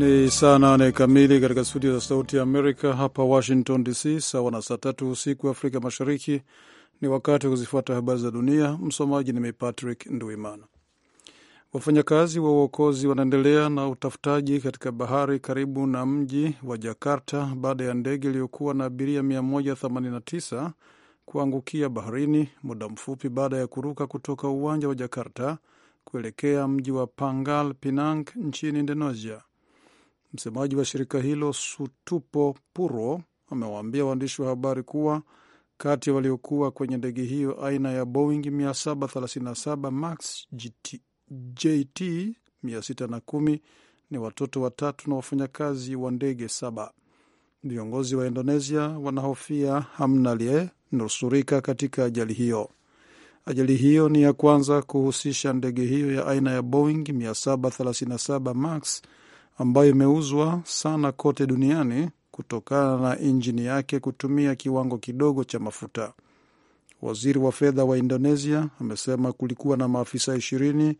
Ni saa nane kamili katika studio za Sauti ya Amerika hapa Washington DC, sawa na saa tatu usiku Afrika Mashariki. Ni wakati wa kuzifuata habari za dunia. Msomaji ni mimi Patrick Nduimana. Wafanyakazi wa uokozi wanaendelea na utafutaji katika bahari karibu na mji wa Jakarta baada ya ndege iliyokuwa na abiria 189 kuangukia baharini muda mfupi baada ya kuruka kutoka uwanja wa Jakarta kuelekea mji wa Pangal Pinang nchini Indonesia. Msemaji wa shirika hilo Sutupo Puro amewaambia waandishi wa habari kuwa kati ya waliokuwa kwenye ndege hiyo aina ya Boeing 737 Max GT, JT 610 ni watoto watatu na wafanyakazi wa ndege saba. Viongozi wa Indonesia wanahofia hamna aliyenusurika katika ajali hiyo. Ajali hiyo ni ya kwanza kuhusisha ndege hiyo ya aina ya Boeing 737 Max ambayo imeuzwa sana kote duniani kutokana na injini yake kutumia kiwango kidogo cha mafuta. Waziri wa fedha wa Indonesia amesema kulikuwa na maafisa ishirini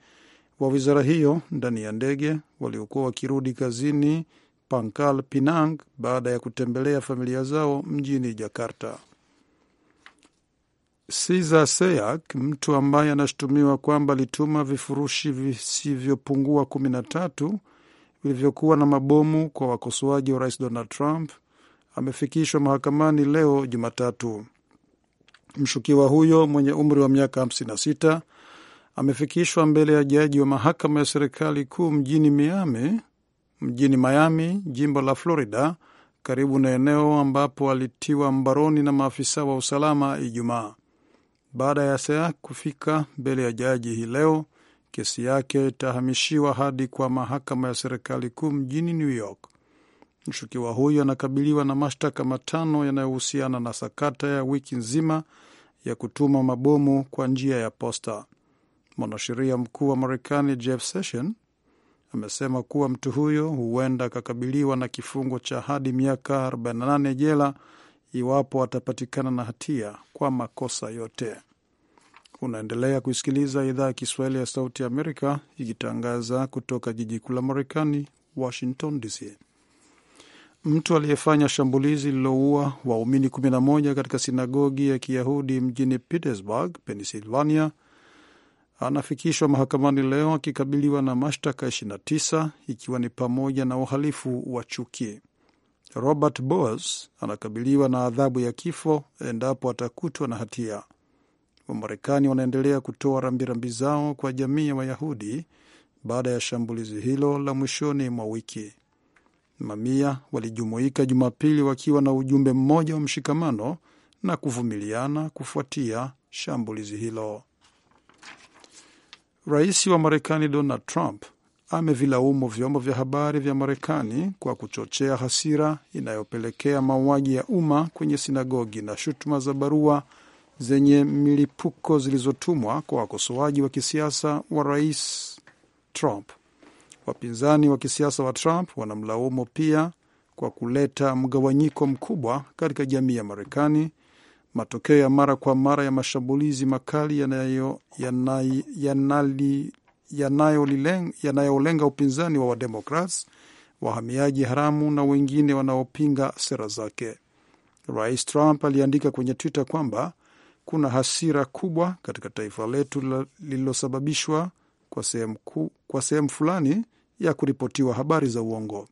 wa wizara hiyo ndani ya ndege waliokuwa wakirudi kazini Pankal Pinang baada ya kutembelea familia zao mjini Jakarta. Siza Seak, mtu ambaye anashutumiwa kwamba alituma vifurushi visivyopungua kumi na tatu vilivyokuwa na mabomu kwa wakosoaji wa rais Donald Trump amefikishwa mahakamani leo Jumatatu. Mshukiwa huyo mwenye umri wa miaka 56 amefikishwa mbele ya jaji wa mahakama ya serikali kuu mjini Miami, mjini Miami, jimbo la Florida, karibu na eneo ambapo alitiwa mbaroni na maafisa wa usalama Ijumaa. Baada ya saa kufika mbele ya jaji hii leo, kesi yake itahamishiwa hadi kwa mahakama ya serikali kuu mjini New York. Mshukiwa huyo anakabiliwa na mashtaka matano yanayohusiana na sakata ya wiki nzima ya kutuma mabomu kwa njia ya posta. Mwanasheria mkuu wa Marekani Jeff Sessions amesema kuwa mtu huyo huenda akakabiliwa na kifungo cha hadi miaka 48 jela iwapo atapatikana na hatia kwa makosa yote. Unaendelea kuisikiliza idhaa ya Kiswahili ya Sauti ya Amerika ikitangaza kutoka jiji kuu la Marekani, Washington DC. Mtu aliyefanya shambulizi lililoua waumini 11 katika sinagogi ya Kiyahudi mjini Pittsburgh, Pennsylvania anafikishwa mahakamani leo akikabiliwa na mashtaka 29 ikiwa ni pamoja na uhalifu wa chuki. Robert Boas anakabiliwa na adhabu ya kifo endapo atakutwa na hatia. Wamarekani wanaendelea kutoa rambirambi zao kwa jamii ya Wayahudi baada ya shambulizi hilo la mwishoni mwa wiki. Mamia walijumuika Jumapili wakiwa na ujumbe mmoja wa mshikamano na kuvumiliana kufuatia shambulizi hilo. Rais wa Marekani Donald Trump amevilaumu vyombo vya habari vya Marekani kwa kuchochea hasira inayopelekea mauaji ya umma kwenye sinagogi na shutuma za barua zenye milipuko zilizotumwa kwa wakosoaji wa kisiasa wa rais Trump. Wapinzani wa kisiasa wa Trump wanamlaumu pia kwa kuleta mgawanyiko mkubwa katika jamii ya Marekani, matokeo ya mara kwa mara ya mashambulizi makali yanayolenga upinzani wa Wademokrats, wahamiaji haramu na wengine wanaopinga sera zake. Rais Trump aliandika kwenye Twitter kwamba kuna hasira kubwa katika taifa letu lililosababishwa kwa sehemu kwa sehemu fulani ya kuripotiwa habari za uongo.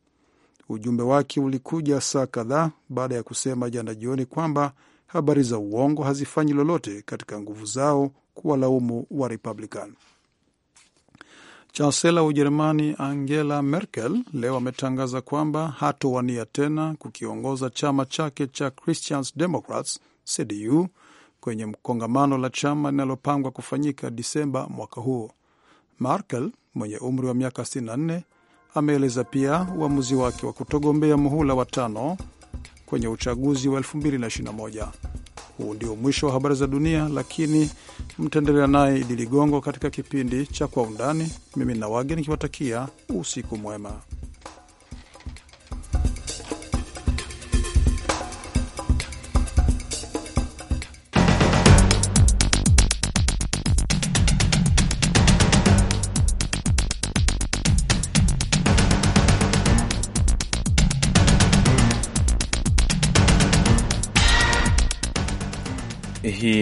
Ujumbe wake ulikuja saa kadhaa baada ya kusema jana jioni kwamba habari za uongo hazifanyi lolote katika nguvu zao kuwalaumu wa Republican. Chansela wa Ujerumani Angela Merkel leo ametangaza kwamba hatowania tena kukiongoza chama chake cha Christian Democrats CDU kwenye kongamano la chama linalopangwa kufanyika Disemba mwaka huo. Merkel mwenye umri wa miaka 64 ameeleza pia uamuzi wake wa kutogombea muhula wa tano kwenye uchaguzi wa 2021. Huu ndio mwisho wa habari za dunia, lakini mtaendelea naye Idi Ligongo katika kipindi cha Kwa Undani. Mimi na wage nikiwatakia usiku mwema.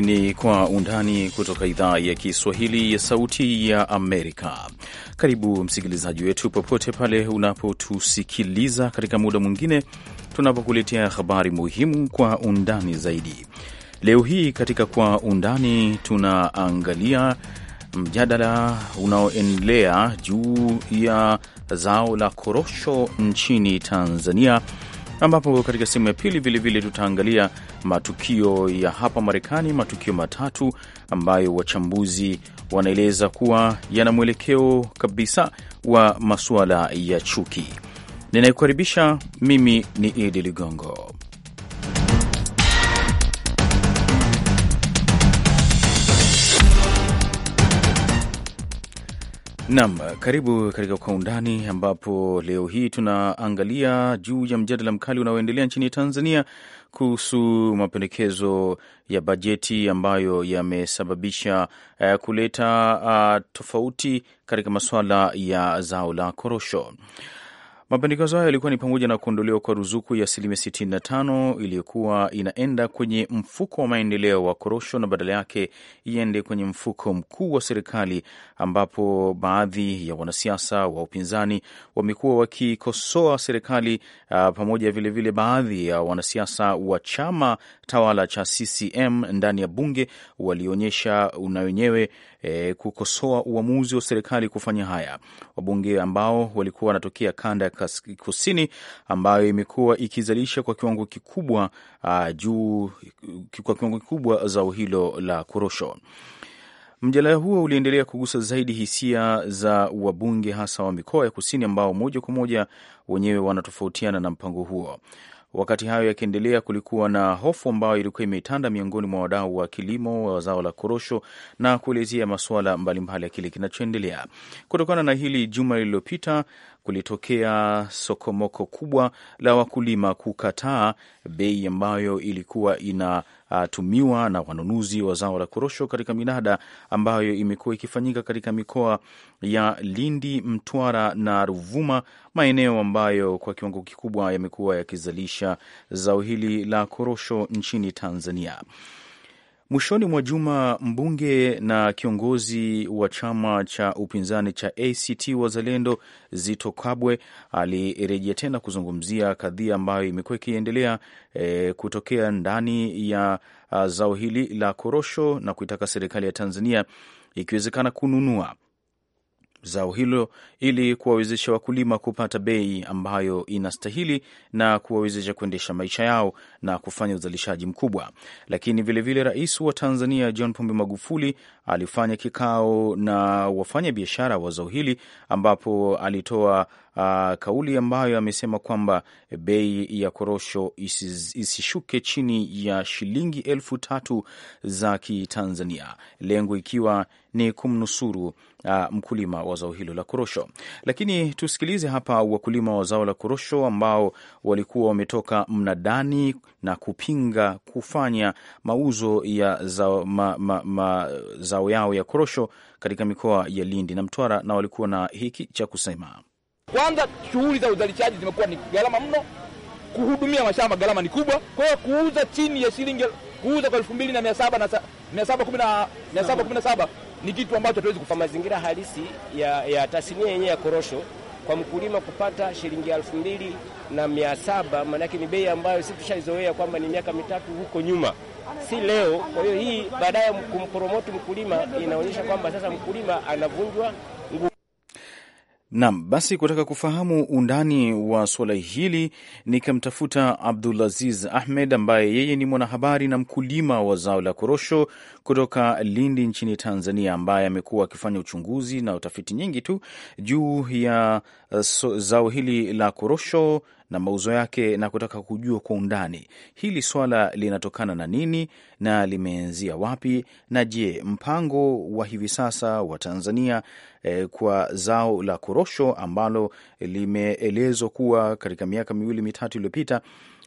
ni Kwa Undani kutoka idhaa ya Kiswahili ya Sauti ya Amerika. Karibu msikilizaji wetu popote pale unapotusikiliza katika muda mwingine tunapokuletea habari muhimu kwa undani zaidi. Leo hii katika Kwa Undani tunaangalia mjadala unaoendelea juu ya zao la korosho nchini Tanzania ambapo katika sehemu ya pili vilevile tutaangalia matukio ya hapa Marekani, matukio matatu ambayo wachambuzi wanaeleza kuwa yana mwelekeo kabisa wa masuala ya chuki. Ninayekukaribisha mimi ni Idi Ligongo. nam karibu katika Kwa Undani, ambapo leo hii tunaangalia juu ya mjadala mkali unaoendelea nchini Tanzania kuhusu mapendekezo ya bajeti ambayo yamesababisha uh, kuleta uh, tofauti katika masuala ya zao la korosho. Mapendekezo hayo yalikuwa ni pamoja na kuondolewa kwa ruzuku ya asilimia 65 iliyokuwa inaenda kwenye mfuko wa maendeleo wa korosho na badala yake iende kwenye mfuko mkuu wa serikali, ambapo baadhi ya wanasiasa wa upinzani wamekuwa wakikosoa serikali a, ah, pamoja vilevile vile baadhi ya wanasiasa wa chama tawala cha CCM ndani ya bunge walionyesha na wenyewe e, kukosoa uamuzi wa serikali kufanya haya. Wabunge ambao walikuwa wanatokea kanda Kusini ambayo imekuwa ikizalisha kwa kiwango kikubwa uh, juu kwa kiwango kikubwa zao hilo la korosho. Mjadala huo uliendelea kugusa zaidi hisia za wabunge hasa wa mikoa ya kusini ambao moja kwa moja wenyewe wanatofautiana na mpango huo. Wakati hayo yakiendelea, kulikuwa na hofu ambayo ilikuwa imetanda miongoni mwa wadau wa kilimo wa zao la korosho na kuelezea masuala mbalimbali ya kile kinachoendelea. Kutokana na hili, juma lililopita kulitokea sokomoko kubwa la wakulima kukataa bei ambayo ilikuwa ina tumiwa na wanunuzi wa zao la korosho katika minada ambayo imekuwa ikifanyika katika mikoa ya Lindi, Mtwara na Ruvuma, maeneo ambayo kwa kiwango kikubwa yamekuwa yakizalisha zao hili la korosho nchini Tanzania. Mwishoni mwa juma mbunge na kiongozi wa chama cha upinzani cha ACT Wazalendo Zito Kabwe alirejea tena kuzungumzia kadhia ambayo imekuwa ikiendelea e, kutokea ndani ya zao hili la korosho na kuitaka serikali ya Tanzania ikiwezekana kununua zao hilo ili kuwawezesha wakulima kupata bei ambayo inastahili na kuwawezesha kuendesha maisha yao na kufanya uzalishaji mkubwa. Lakini vilevile vile Rais wa Tanzania John Pombe Magufuli alifanya kikao na wafanya biashara wa zao hili ambapo alitoa uh, kauli ambayo amesema kwamba bei ya korosho isis, isishuke chini ya shilingi elfu tatu za Kitanzania, lengo ikiwa ni kumnusuru uh, mkulima wa zao hilo la korosho. Lakini tusikilize hapa wakulima wa zao la korosho ambao walikuwa wametoka mnadani na kupinga kufanya mauzo ya zao, ma, ma, ma, zao mazao yao ya korosho katika mikoa ya Lindi na Mtwara, na walikuwa na hiki cha kusema. Kwanza, shughuli za uzalishaji zimekuwa ni gharama mno, kuhudumia mashamba gharama ni kubwa. Kwa hiyo kuuza chini ya shilingi, kuuza kwa elfu mbili na mia saba na mia saba kumi na saba ni kitu ambacho hatuwezi kufa. Mazingira halisi ya, ya tasnia yenyewe ya korosho kwa mkulima kupata shilingi elfu mbili na mia saba maanake ni bei ambayo si tushaizoea kwamba ni miaka mitatu huko nyuma, si leo. Kwa hiyo hii baadaye kumpromoti mkulima inaonyesha kwamba sasa mkulima anavunjwa nguvu. Nam, basi kutaka kufahamu undani wa suala hili nikamtafuta Abdulaziz Ahmed ambaye yeye ni mwanahabari na mkulima wa zao la korosho kutoka Lindi nchini Tanzania, ambaye amekuwa akifanya uchunguzi na utafiti nyingi tu juu ya eh, so, zao hili la korosho na mauzo yake na kutaka kujua kwa undani hili swala linatokana na nini na limeanzia wapi, na je, mpango wa hivi sasa wa Tanzania eh, kwa zao la korosho ambalo limeelezwa kuwa katika miaka miwili mitatu iliyopita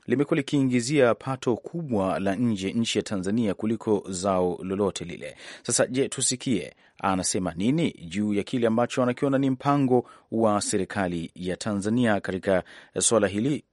limekuwa likiingizia pato kubwa la nje nchi ya Tanzania kuliko zao lolote lile. Sasa je, tusikie anasema nini juu ya kile ambacho anakiona ni mpango wa serikali ya Tanzania katika suala hili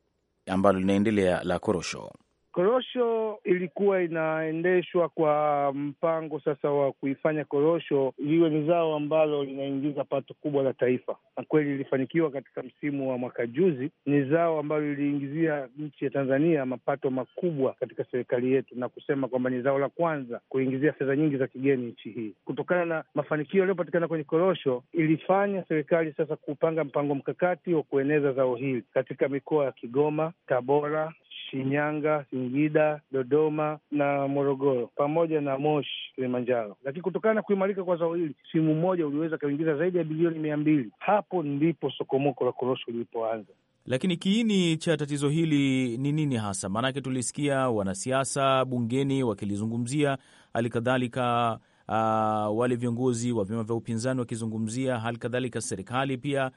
ambalo linaendelea la korosho. Korosho ilikuwa inaendeshwa kwa mpango sasa wa kuifanya korosho liwe ni zao ambalo linaingiza pato kubwa la taifa, na kweli ilifanikiwa katika msimu wa mwaka juzi. Ni zao ambalo liliingizia nchi ya Tanzania mapato makubwa katika serikali yetu, na kusema kwamba ni zao la kwanza kuingizia fedha nyingi za kigeni nchi hii. Kutokana na mafanikio yaliyopatikana kwenye korosho, ilifanya serikali sasa kupanga mpango mkakati wa kueneza zao hili katika mikoa ya Kigoma, Tabora, Shinyanga, Singida, Dodoma na Morogoro pamoja na Moshi, Kilimanjaro. Lakini kutokana na kuimarika kwa zao hili, simu moja uliweza kuingiza zaidi ya bilioni mia mbili. Hapo ndipo sokomoko la korosho lilipoanza. Lakini kiini cha tatizo hili ni nini hasa? Maanake tulisikia wanasiasa bungeni wakilizungumzia, hali kadhalika uh, wale viongozi wa vyama vya upinzani wakizungumzia, hali kadhalika serikali pia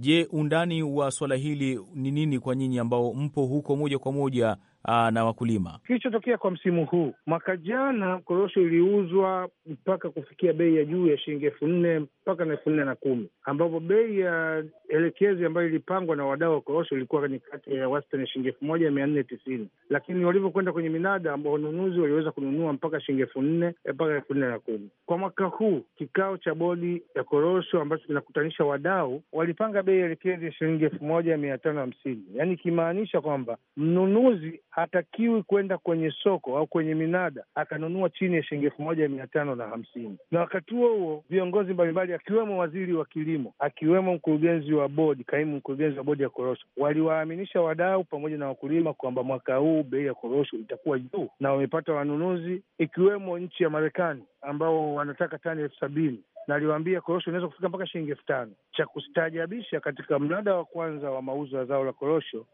Je, undani wa swala hili ni nini kwa nyinyi ambao mpo huko moja kwa moja aa, ah, na wakulima. Kilichotokea kwa msimu huu, mwaka jana korosho iliuzwa mpaka kufikia bei ya juu ya shilingi elfu nne mpaka na elfu nne na kumi ambapo bei ya elekezi ambayo ilipangwa na wadau wa korosho ilikuwa ni kati ya wastani ya shilingi elfu moja mia nne tisini lakini walivyokwenda kwenye minada ambao wanunuzi waliweza kununua mpaka shilingi elfu nne mpaka elfu nne na kumi Kwa mwaka huu kikao cha bodi ya korosho ambacho kinakutanisha wadau walipanga bei elekezi ya shilingi elfu moja mia tano hamsini yaani ikimaanisha kwamba mnunuzi hatakiwi kwenda kwenye soko au kwenye minada akanunua chini ya shilingi elfu moja mia tano na hamsini. Na wakati huo huo viongozi mbalimbali akiwemo waziri wa kilimo, akiwemo mkurugenzi wa bodi, kaimu mkurugenzi wa bodi ya korosho, waliwaaminisha wadau pamoja na wakulima kwamba mwaka huu bei ya korosho itakuwa juu, na wamepata wanunuzi ikiwemo nchi ya Marekani ambao wanataka tani elfu sabini na aliwaambia korosho inaweza kufika mpaka shilingi elfu tano. Cha kustaajabisha, katika mnada wa kwanza wa mauzo ya zao la korosho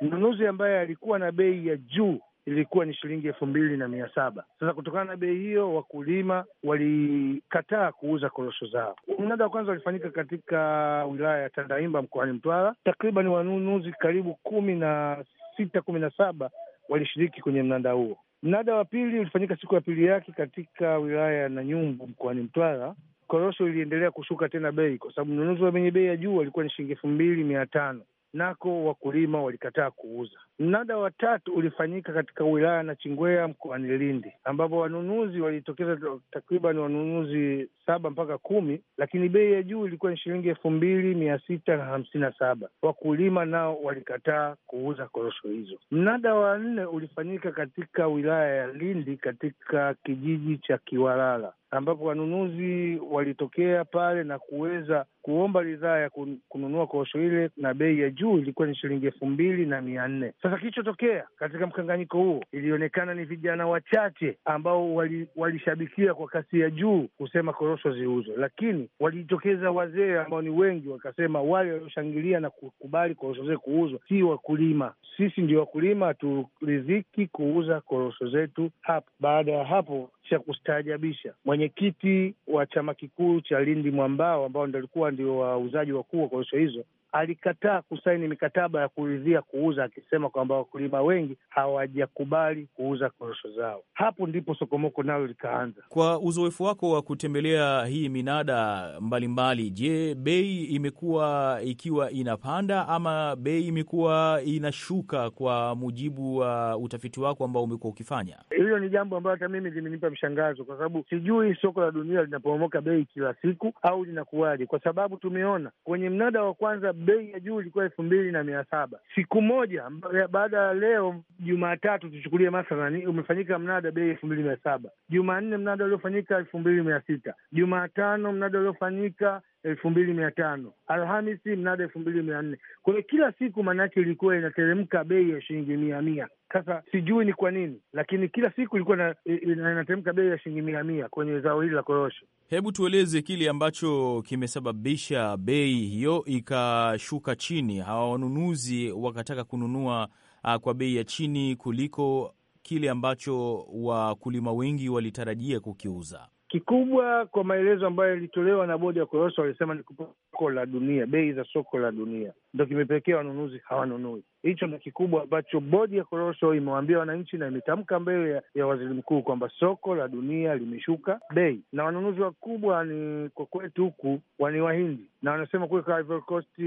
mnunuzi ambaye alikuwa na bei ya juu ilikuwa ni shilingi elfu mbili na mia saba. Sasa kutokana na bei hiyo, wakulima walikataa kuuza korosho zao. Mnada wa kwanza walifanyika katika wilaya ya Tandaimba mkoani Mtwara. Takriban wanunuzi karibu kumi na sita kumi na saba walishiriki kwenye mnada huo. Mnada wa pili ulifanyika siku ya pili yake katika wilaya ya Nanyumbu mkoani Mtwara. Korosho iliendelea kushuka tena bei, kwa sababu mnunuzi wa mwenye bei ya juu alikuwa ni shilingi elfu mbili mia tano nako wakulima walikataa kuuza. Mnada wa tatu ulifanyika katika wilaya na Nachingwea mkoani Lindi, ambapo wanunuzi walitokeza takriban wanunuzi saba mpaka kumi, lakini bei ya juu ilikuwa ni shilingi elfu mbili mia sita na hamsini na saba. Wakulima nao walikataa kuuza korosho hizo. Mnada wa nne ulifanyika katika wilaya ya Lindi katika kijiji cha Kiwalala ambapo wanunuzi walitokea pale na kuweza kuomba ridhaa ya kununua korosho ile na bei ya juu ilikuwa ni shilingi elfu mbili na mia nne. Sasa kilichotokea katika mkanganyiko huo, ilionekana ni vijana wachache ambao walishabikia wali kwa kasi ya juu kusema korosho ziuzwe, lakini walijitokeza wazee ambao ni wengi, wakasema wale walioshangilia na kukubali korosho zee kuuzwa si wakulima, sisi ndio wakulima, haturidhiki kuuza korosho zetu hapo. Baada ya hapo cha kustaajabisha. Mwenyekiti wa chama kikuu cha Lindi Mwambao, ambao ndo alikuwa ndio wauzaji wakuu wa korosho hizo, alikataa kusaini mikataba ya kuridhia kuuza, akisema kwamba wakulima wengi hawajakubali kuuza korosho zao. Hapo ndipo sokomoko nalo likaanza. Kwa uzoefu wako wa kutembelea hii minada mbalimbali mbali, je, bei imekuwa ikiwa inapanda ama bei imekuwa inashuka kwa mujibu wa utafiti wako ambao umekuwa ukifanya? Hilo ni jambo ambalo hata mimi limenipa mshangazo, kwa sababu sijui soko la dunia linapomomoka bei kila siku au linakuwaje, kwa sababu tumeona kwenye mnada wa kwanza bei ya juu ilikuwa elfu mbili na mia saba siku moja baada ya leo Jumatatu tuchukulie mathalani, umefanyika mnada bei elfu mbili mia saba Jumanne mnada uliofanyika elfu mbili mia sita Jumatano mnada uliofanyika elfu mbili mia tano Alhamisi mnada elfu mbili mia nne Kwa hiyo kila siku maanaake ilikuwa inateremka bei ya shilingi mia mia. Sasa sijui ni kwa nini, lakini kila siku ilikuwa inatemka bei ya shilingi mia mia kwenye zao hili la korosho. Hebu tueleze kile ambacho kimesababisha bei hiyo ikashuka chini, hawa wanunuzi wakataka kununua a, ah, kwa bei ya chini kuliko kile ambacho wakulima wengi walitarajia kukiuza. Kikubwa kwa maelezo ambayo yalitolewa na bodi ya korosho, walisema ni soko la dunia, bei za soko la dunia ndo kimepelekea wanunuzi hawanunui. Hicho ndo kikubwa ambacho bodi ya korosho imewaambia wananchi na imetamka mbele ya, ya waziri mkuu kwamba soko la dunia limeshuka bei, na wanunuzi wakubwa ni kwa kwetu huku wani Wahindi, na wanasema kule kwa Ivory Coast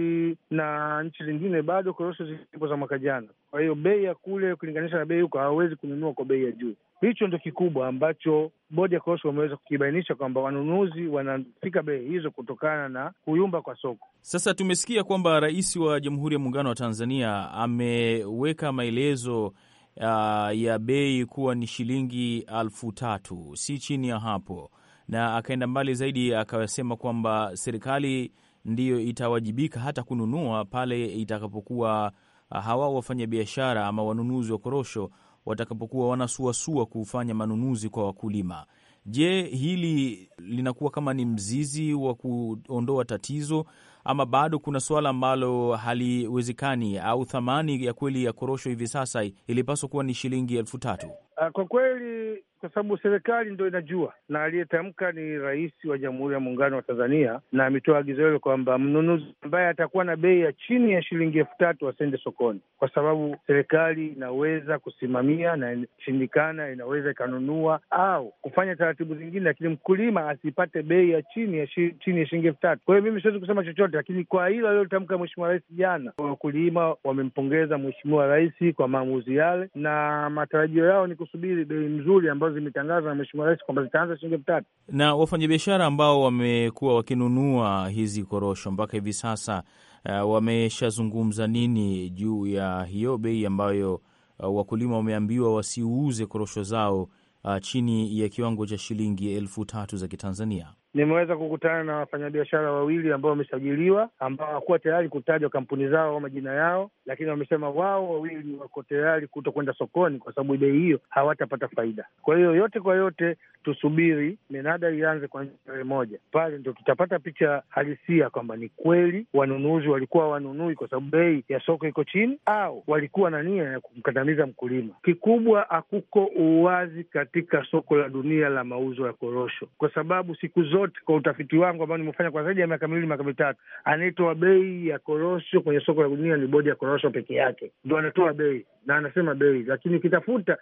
na nchi zingine bado korosho zipo za mwaka jana. Kwa hiyo bei ya kule ukilinganisha na bei huko, hawawezi kununua kwa bei ya juu. Hicho ndio kikubwa ambacho bodi ya korosho wameweza kukibainisha kwamba wanunuzi wanafika bei hizo kutokana na kuyumba kwa soko. Sasa tumesikia kwamba Rais wa Jamhuri ya Muungano wa Tanzania ameweka maelezo Uh, ya bei kuwa ni shilingi alfu tatu si chini ya hapo, na akaenda mbali zaidi akasema kwamba serikali ndiyo itawajibika hata kununua pale itakapokuwa ah, hawa wafanyabiashara ama wanunuzi wa korosho watakapokuwa wanasuasua kufanya manunuzi kwa wakulima. Je, hili linakuwa kama ni mzizi wa kuondoa tatizo ama bado kuna suala ambalo haliwezekani, au thamani ya kweli ya korosho hivi sasa ilipaswa kuwa ni shilingi elfu tatu? Ah, kwa kweli kwa sababu serikali ndo inajua, na aliyetamka ni Rais wa Jamhuri ya Muungano wa Tanzania, na ametoa agizo hilo kwamba mnunuzi ambaye atakuwa na bei ya chini ya shilingi elfu tatu asende sokoni, kwa sababu serikali inaweza kusimamia na shindikana, inaweza ikanunua au kufanya taratibu zingine, lakini mkulima asipate bei ya chini ya shi, chini ya shilingi elfu tatu. Kwa hiyo mimi siwezi kusema chochote, lakini kwa hilo aliyotamka Mheshimiwa Rais jana, wakulima wamempongeza Mheshimiwa Rais kwa maamuzi yale, na matarajio yao ni kusubiri bei nzuri ambazo zimetangazwa na Mheshimiwa Rais kwamba zitaanza shilingi elfu tatu. Na wafanyabiashara ambao wamekuwa wakinunua hizi korosho mpaka hivi sasa uh, wameshazungumza nini juu ya hiyo bei ambayo uh, wakulima wameambiwa wasiuze korosho zao uh, chini ya kiwango cha shilingi elfu tatu za Kitanzania? nimeweza kukutana na wafanyabiashara wawili ambao wamesajiliwa, ambao hawakuwa tayari kutajwa kampuni zao au majina yao, lakini wamesema wao wawili wako tayari kuto kwenda sokoni kwa sababu bei hiyo hawatapata faida. Kwa hiyo yote kwa yote, tusubiri minada ianze kuanzia tarehe moja, pale ndo tutapata picha halisia kwamba ni kweli wanunuzi walikuwa wanunui kwa sababu bei ya soko iko chini au walikuwa na nia ya kumkandamiza mkulima. Kikubwa hakuko uwazi katika soko la dunia la mauzo ya korosho, kwa sababu siku zote yote kwa utafiti wangu ambao nimefanya kwa zaidi ya miaka miwili miaka mitatu, anaitwa bei ya korosho kwenye soko la dunia ni bodi ya korosho peke yake, ndo anatoa bei na anasema bei, lakini ukitafuta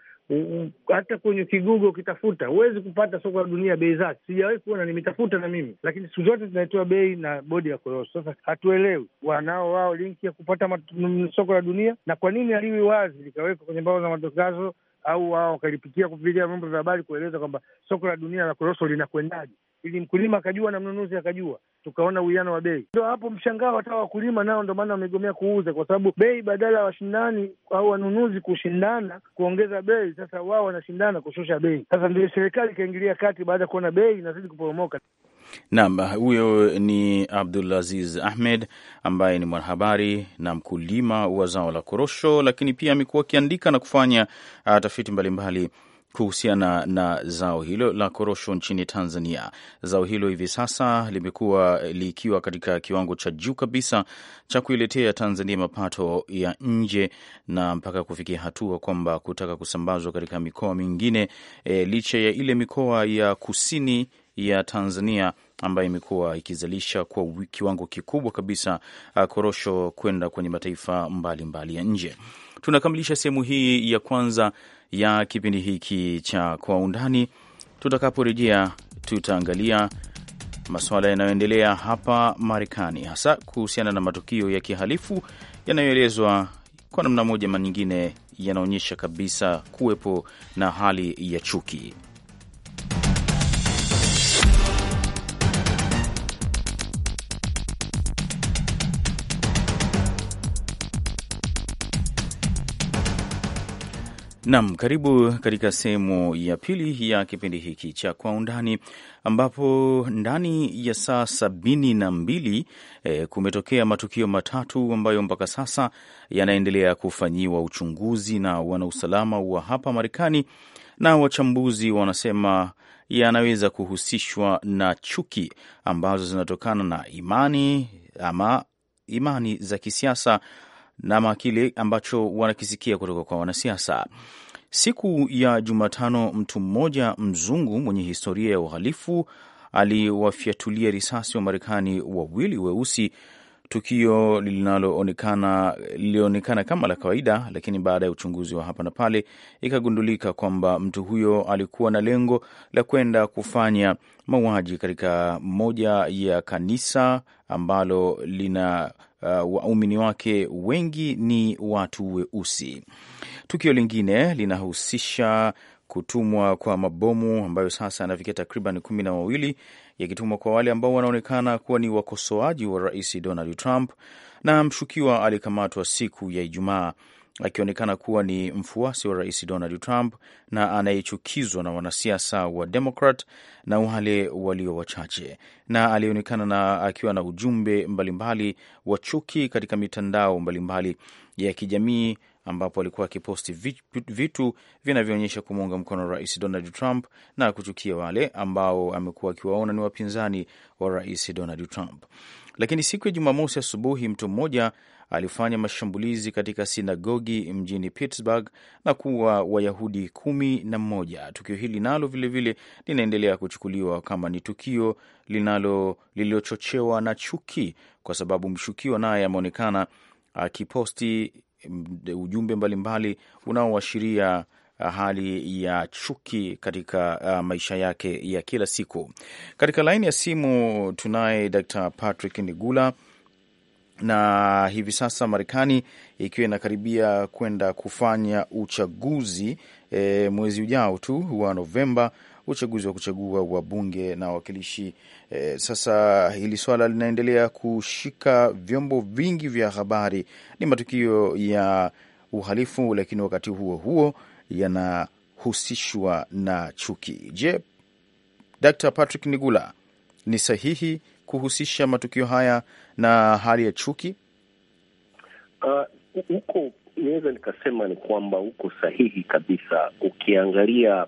hata kwenye kigugo ukitafuta huwezi kupata soko la dunia bei zake. Sijawahi kuona, nimetafuta na mimi lakini siku zote zinaitoa bei na bodi ya korosho. Sasa hatuelewi wanao wao linki ya kupata soko la dunia, na kwa nini aliwi wazi likawekwa kwenye mbao za matangazo au wao wakalipitia kupitia vyombo vya habari kueleza kwamba soko la dunia la korosho linakwendaje? ili mkulima akajua na mnunuzi akajua, tukaona uwiano wa bei. Ndo hapo mshangao hata wakulima nao, ndo maana wamegomea kuuza, kwa sababu bei, badala ya washindani au wanunuzi kushindana kuongeza bei, sasa wao wanashindana kushusha bei. Sasa ndio serikali ikaingilia kati baada ya kuona bei inazidi kuporomoka. Naam, huyo ni Abdul Aziz Ahmed ambaye ni mwanahabari na mkulima wa zao la korosho, lakini pia amekuwa akiandika na kufanya ah, tafiti mbalimbali kuhusiana na zao hilo la korosho nchini Tanzania. Zao hilo hivi sasa limekuwa likiwa katika kiwango cha juu kabisa cha kuiletea Tanzania mapato ya nje na mpaka kufikia hatua kwamba kutaka kusambazwa katika mikoa mingine e, licha ya ile mikoa ya kusini ya Tanzania ambayo imekuwa ikizalisha kwa kiwango kikubwa kabisa uh, korosho kwenda kwenye mataifa mbalimbali mbali ya nje. Tunakamilisha sehemu hii ya kwanza ya kipindi hiki cha Kwa Undani. Tutakaporejea tutaangalia masuala yanayoendelea hapa Marekani, hasa kuhusiana na matukio ya kihalifu yanayoelezwa kwa namna moja ama nyingine yanaonyesha kabisa kuwepo na hali ya chuki. Naam, karibu katika sehemu ya pili ya kipindi hiki cha Kwa Undani, ambapo ndani ya saa sabini na mbili e, kumetokea matukio matatu ambayo mpaka sasa yanaendelea kufanyiwa uchunguzi na wanausalama wa hapa Marekani, na wachambuzi wanasema yanaweza kuhusishwa na chuki ambazo zinatokana na imani ama imani za kisiasa na kile ambacho wanakisikia kutoka kwa wanasiasa. Siku ya Jumatano, mtu mmoja mzungu mwenye historia ya uhalifu aliwafyatulia risasi wa Marekani wawili weusi, tukio linaloonekana lilionekana kama la kawaida, lakini baada ya uchunguzi wa hapa na pale ikagundulika kwamba mtu huyo alikuwa na lengo la kwenda kufanya mauaji katika moja ya kanisa ambalo lina uh, waumini wake wengi ni watu weusi. Tukio lingine linahusisha kutumwa kwa mabomu ambayo sasa yanafikia takriban kumi na wawili yakitumwa kwa wale ambao wanaonekana kuwa ni wakosoaji wa rais Donald Trump, na mshukiwa alikamatwa siku ya Ijumaa akionekana kuwa ni mfuasi wa rais Donald Trump na anayechukizwa na wanasiasa wa Demokrat na wale walio wachache, na alionekana na akiwa na ujumbe mbalimbali wa chuki katika mitandao mbalimbali ya kijamii ambapo alikuwa akiposti vitu vinavyoonyesha kumuunga mkono rais Donald Trump na kuchukia wale ambao amekuwa akiwaona ni wapinzani wa rais Donald Trump. Lakini siku ya Jumamosi asubuhi, mtu mmoja alifanya mashambulizi katika sinagogi mjini Pittsburgh na kuwa Wayahudi kumi na mmoja. Tukio hili nalo vilevile linaendelea kuchukuliwa kama ni tukio lililochochewa na chuki, kwa sababu mshukiwa naye ameonekana akiposti ujumbe mbalimbali unaoashiria uh, hali ya chuki katika uh, maisha yake ya kila siku. Katika laini ya simu tunaye Dr. Patrick Nigula na hivi sasa Marekani ikiwa inakaribia kwenda kufanya uchaguzi e, mwezi ujao tu wa Novemba, uchaguzi wa kuchagua wabunge na wawakilishi e. Sasa hili swala linaendelea kushika vyombo vingi vya habari, ni matukio ya uhalifu, lakini wakati huo huo yanahusishwa na chuki. Je, Dr Patrick Nigula, ni sahihi kuhusisha matukio haya na hali ya chuki huko? Uh, inaweza nikasema ni kwamba uko sahihi kabisa. Ukiangalia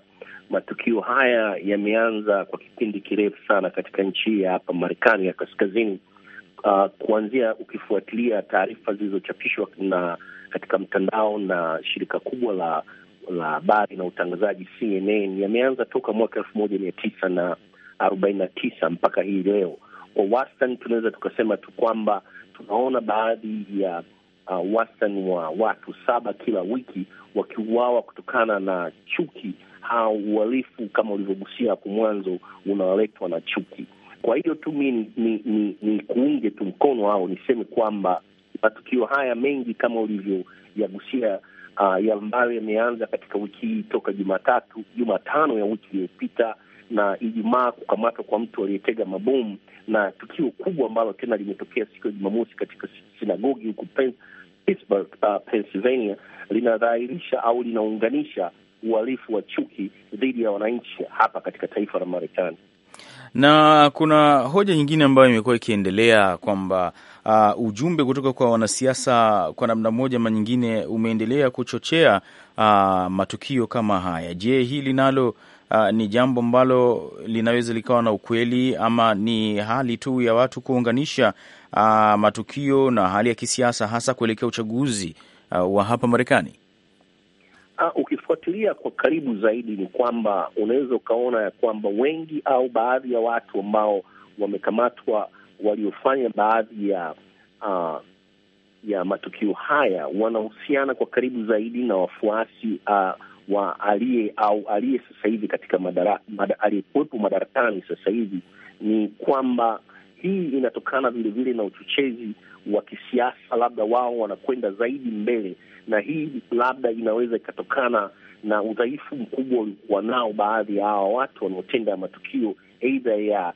matukio haya yameanza kwa kipindi kirefu sana katika nchi ya hapa Marekani ya kaskazini. Uh, kuanzia ukifuatilia taarifa zilizochapishwa na katika mtandao na shirika kubwa la la habari na utangazaji CNN yameanza toka mwaka elfu moja mia tisa na arobaini na tisa mpaka hii leo, wa wastani, tunaweza tukasema tu kwamba tunaona baadhi ya uh, wastani wa watu saba kila wiki wakiuawa kutokana na chuki au uhalifu kama ulivyogusia hapo mwanzo unaoletwa na chuki. Kwa hiyo tu mi ni, ni, ni, ni kuunge tu mkono au niseme kwamba matukio haya mengi kama ulivyoyagusia uh, ya ambayo yameanza katika wiki hii toka Jumatatu Jumatano ya wiki iliyopita na Ijumaa kukamatwa kwa mtu aliyetega mabomu na tukio kubwa ambalo tena limetokea siku ya Jumamosi katika sinagogi huku Pittsburgh, uh, Pennsylvania, linadhahirisha au linaunganisha uhalifu wa chuki dhidi ya wananchi hapa katika taifa la Marekani. Na kuna hoja nyingine ambayo imekuwa ikiendelea kwamba uh, ujumbe kutoka kwa wanasiasa kwa namna moja ama nyingine umeendelea kuchochea uh, matukio kama haya. Je, hili nalo uh, ni jambo ambalo linaweza likawa na ukweli ama ni hali tu ya watu kuunganisha uh, matukio na hali ya kisiasa hasa kuelekea uchaguzi uh, wa hapa Marekani? Uh, ukifuatilia kwa karibu zaidi ni kwamba unaweza ukaona ya kwamba wengi au baadhi ya watu ambao wamekamatwa waliofanya baadhi ya uh, ya matukio haya wanahusiana kwa karibu zaidi na wafuasi uh, wa aliye au aliye sasa hivi katika madara, aliyekuwepo madarakani sasa hivi ni kwamba hii inatokana vilevile na uchochezi wa kisiasa, labda wao wanakwenda zaidi mbele, na hii labda inaweza ikatokana na udhaifu mkubwa uliokuwa nao baadhi ya hawa watu wanaotenda matukio aidha ya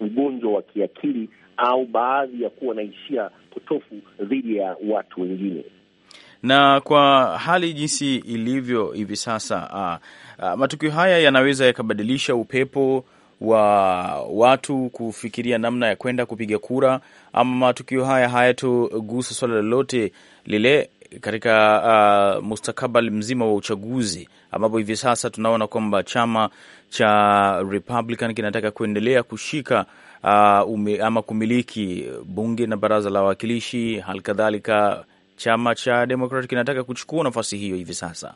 ugonjwa wa kiakili au baadhi ya kuwa na hisia potofu dhidi ya watu wengine na kwa hali jinsi ilivyo hivi sasa uh, uh, matukio haya yanaweza yakabadilisha upepo wa watu kufikiria namna ya kwenda kupiga kura, ama matukio haya hayatogusa swala lolote lile katika uh, mustakabali mzima wa uchaguzi ambapo hivi sasa tunaona kwamba chama cha Republican kinataka kuendelea kushika uh, ume, ama kumiliki bunge na baraza la wawakilishi, kadhalika chama cha Demokrati kinataka kuchukua nafasi hiyo hivi sasa?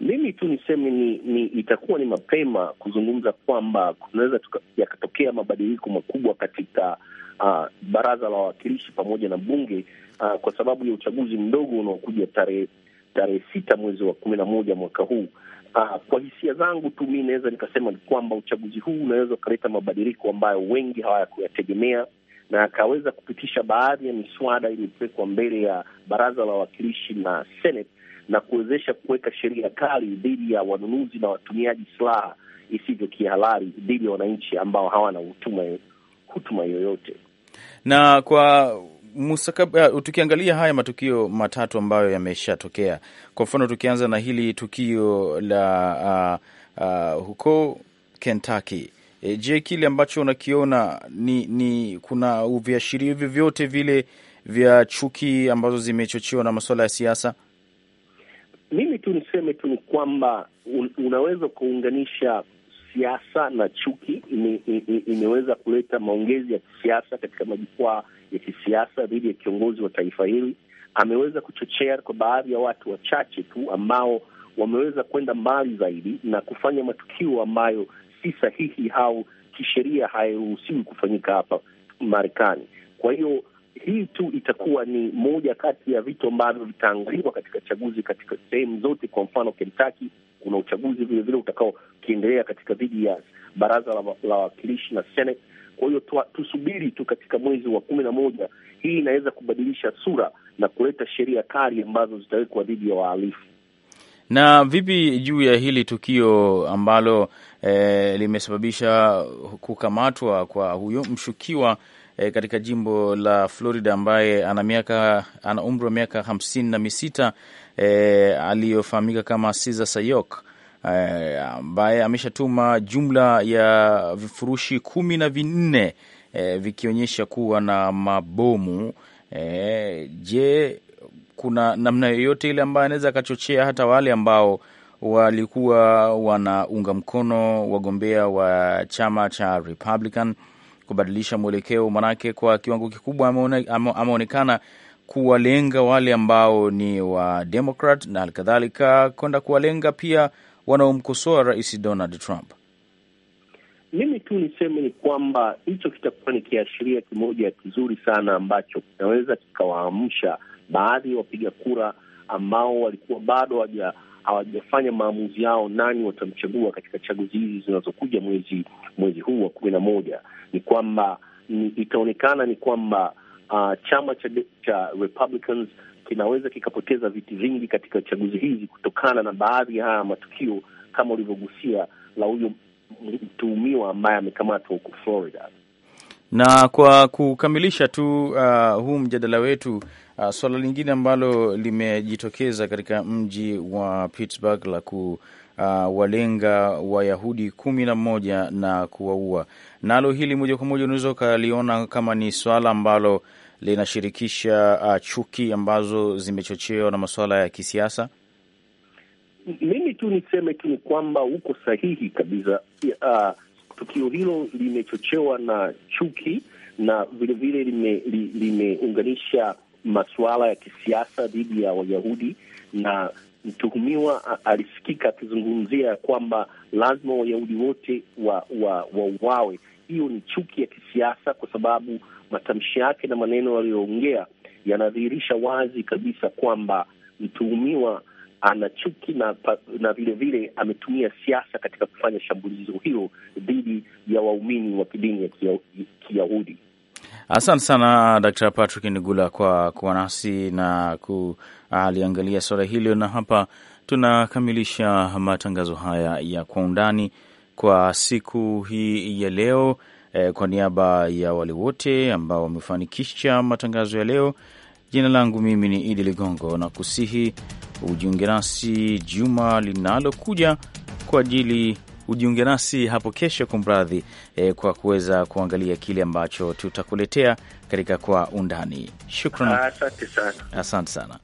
Mimi tu niseme ni, ni itakuwa ni mapema kuzungumza kwamba kunaweza yakatokea mabadiliko makubwa katika uh, baraza la wawakilishi pamoja na bunge uh, kwa sababu ya uchaguzi mdogo unaokuja tarehe tarehe sita mwezi wa kumi na moja mwaka huu. Uh, kwa hisia zangu tu mi naweza nikasema ni kwamba uchaguzi huu unaweza ukaleta mabadiliko ambayo wengi hawayakuyategemea na akaweza kupitisha baadhi ya miswada iliyopelekwa mbele ya baraza la wawakilishi na Senate na kuwezesha kuweka sheria kali dhidi ya wanunuzi na watumiaji silaha isivyo kihalali dhidi ya wananchi ambao hawana hutuma yoyote. Na kwa mustakabali, eh, tukiangalia haya matukio matatu ambayo yameshatokea, kwa mfano tukianza na hili tukio la uh, uh, huko Kentucky E, je, kile ambacho unakiona ni, ni kuna viashirio hivyo vyote vile vya chuki ambazo zimechochewa na masuala ya siasa? Mimi tu niseme tu ni kwamba un, unaweza kuunganisha siasa na chuki. Imeweza kuleta maongezi ya kisiasa katika majukwaa ya kisiasa dhidi ya kiongozi wa taifa hili. Ameweza kuchochea kwa baadhi ya watu wachache tu ambao wameweza kwenda mbali zaidi na kufanya matukio ambayo si sahihi au kisheria hairuhusiwi kufanyika hapa Marekani. Kwa hiyo hii tu itakuwa ni moja kati ya vitu ambavyo vitaangaliwa katika chaguzi katika sehemu zote. Kwa mfano Kentucky, kuna uchaguzi vilevile utakaokiendelea katika dhidi ya baraza la wawakilishi na Senate. Kwa hiyo tusubiri tu katika mwezi wa kumi na moja, hii inaweza kubadilisha sura na kuleta sheria kali ambazo zitawekwa dhidi ya wahalifu. Na vipi juu ya hili tukio ambalo e, limesababisha kukamatwa kwa huyo mshukiwa e, katika jimbo la Florida ambaye ana miaka ana umri wa miaka hamsini na misita e, aliyofahamika kama Cesar Sayok e, ambaye ameshatuma jumla ya vifurushi kumi na vinne e, vikionyesha kuwa na mabomu e, je kuna namna yoyote ile ambayo anaweza akachochea hata wale ambao walikuwa wanaunga mkono wagombea wa chama cha Republican kubadilisha mwelekeo, manake kwa kiwango kikubwa ameonekana kuwalenga wale ambao ni wa Democrat na halikadhalika kwenda kuwalenga pia wanaomkosoa Rais Donald Trump. Mimi tu niseme ni kwamba hicho kitakuwa ni kiashiria kimoja kizuri sana ambacho kinaweza kikawaamsha baadhi ya wapiga kura ambao walikuwa bado hawajafanya maamuzi yao nani watamchagua katika chaguzi hizi zinazokuja mwezi mwezi huu wa kumi na moja, ni kwamba itaonekana ni kwamba uh, chama cha, cha Republicans kinaweza kikapoteza viti vingi katika chaguzi hizi kutokana na baadhi ya haya matukio kama ulivyogusia la huyo mtuhumiwa ambaye amekamatwa huko Florida. Na kwa kukamilisha tu uh, huu mjadala wetu Uh, ah, suala lingine ambalo limejitokeza katika mji wa Pittsburgh la ku Uh, walenga Wayahudi kumi na moja na kuwaua. Nalo hili moja kwa moja unaweza ukaliona kama ni swala ambalo linashirikisha uh, chuki ambazo zimechochewa na masuala ya kisiasa. Mimi tu niseme tu ni kwamba uko sahihi kabisa. Uh, tukio hilo limechochewa na chuki na vilevile limeunganisha masuala ya kisiasa dhidi ya Wayahudi, na mtuhumiwa alisikika akizungumzia ya kwamba lazima Wayahudi wote wauawe wa, wa hiyo ni chuki ya kisiasa kwa sababu matamshi yake na maneno aliyoongea yanadhihirisha wazi kabisa kwamba mtuhumiwa ana chuki na na vilevile ametumia siasa katika kufanya shambulizo hilo dhidi ya waumini wa kidini ya Kiyahudi. Asante sana Dkt. Patrick Nigula kwa kuwa nasi na kuliangalia suala hilo, na hapa tunakamilisha matangazo haya ya Kwa Undani kwa siku hii ya leo. Eh, kwa niaba ya wale wote ambao wamefanikisha matangazo ya leo, jina langu mimi ni Idi Ligongo na kusihi ujiunge nasi juma linalokuja kwa ajili ujiunge nasi hapo kesho, kumradhi, e, kwa kuweza kuangalia kile ambacho tutakuletea katika kwa undani. Shukran, asante sana.